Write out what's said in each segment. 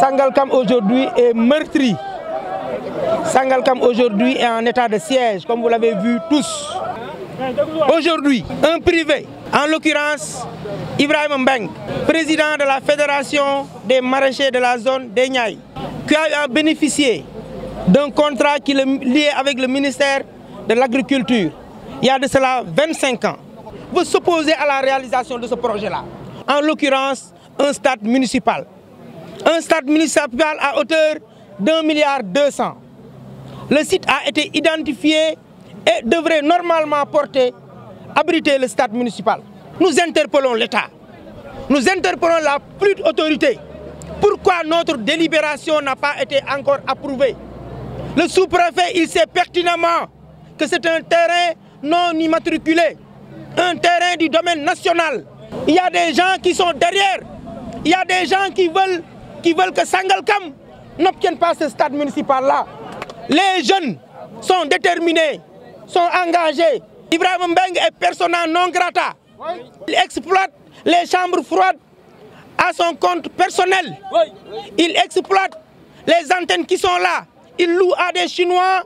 Sangalkam aujourd'hui est meurtri. Sangalkam aujourd'hui est en état de siège, comme vous l'avez vu tous. Aujourd'hui, un privé, en l'occurrence Ibrahim Mbeng, président de la Fédération des maraîchers de la zone des qui a bénéficié d'un contrat qui est lié avec le ministère de l'Agriculture, il y a de cela 25 ans, veut s'opposer à la réalisation de ce projet-là. En l'occurrence, un stade municipal un stade municipal à hauteur d'un milliard deux cents. Le site a été identifié et devrait normalement porter, abriter le stade municipal. Nous interpellons l'État, nous interpellons la plus autorité. Pourquoi notre délibération n'a pas été encore approuvée Le sous-préfet, il sait pertinemment que c'est un terrain non immatriculé, un terrain du domaine national. Il y a des gens qui sont derrière, il y a des gens qui veulent qui veulent que Sangalkam n'obtienne pas ce stade municipal-là. Les jeunes sont déterminés, sont engagés. Ibrahim Mbeng est persona non grata. Il exploite les chambres froides à son compte personnel. Il exploite les antennes qui sont là. Il loue à des Chinois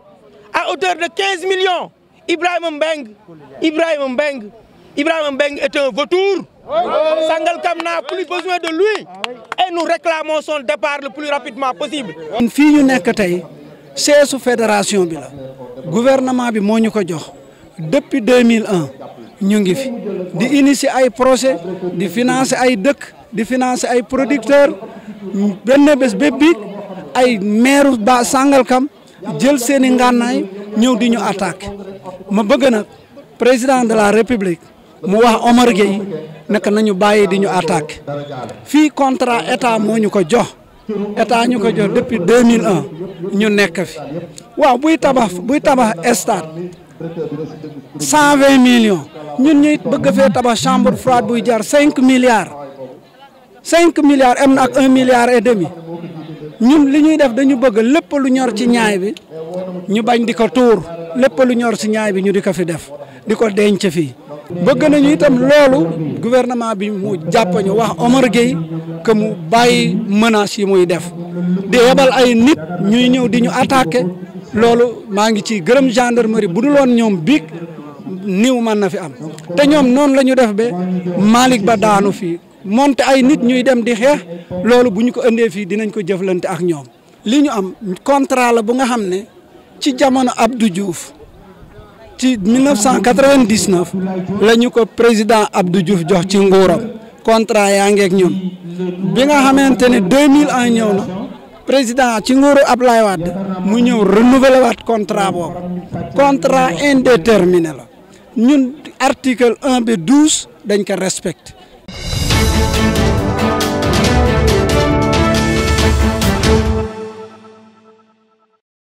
à hauteur de 15 millions. Ibrahim Mbeng, Ibrahim Mbeng Ibrahim Mbeng est un vautour. Sangalkam n'a plus besoin de lui. Et nous réclamons son départ le plus rapidement possible. fii ñu nekk C'est la fédération Le gouvernement bi moo depuis 2001 nous avons initié di initier ay projet di financer ay dëkk di financer ay producteurs Nous avons fait biig ay maire ba Sangalkam nous avons i des di ñu président de la république. mu wax Omar Gueye nekk nañu bàyyi di ñu attaque fii contrat état moo ñu ko jox état ñu ko jox depuis 2001 ñu nekk fi waaw buy tabax buy tabax stade cent vingt millions ñun ñuy bëgg fee tabax chambre froide buy jar cinq milliards cinq milliards am na ak et demi ñun li ñuy def dañu bëgg lépp lu ñor ci ñaay bi ñu bañ di ko tuur lépp lu ñor ci ñaay bi ñu di ko fi def di ko denc fii bëgg nañu itam loolu gouvernement bi mu jàpp ñu wax Omar Gueye que mu bàyyi menace yi muy def di yebal ay nit ñuy ñëw di ñu attaqué loolu maa ngi ci gërëm gendarmerie bu dul woon ñoom biig niw man na fi am te ñoom noonu la ñu def ba Malick Ba daanu fi monte ay nit ñuy dem di xeex loolu bu ñu ko indee fii dinañ ko jëflante ak ñoom li ñu am contrat la bu nga xam ne ci jamono Abdou Diouf ci 1999 la ñu ko président Abdou Diouf jox ci nguuram contrat yaa ngeeg ñun bi nga xamante ne 2001 ñëw na président ci nguuru Ablaye Wade mu ñëw renouveler waat contrat boobu contrat indéterminé la ñun article 1 ba 12 dañ ko respecté.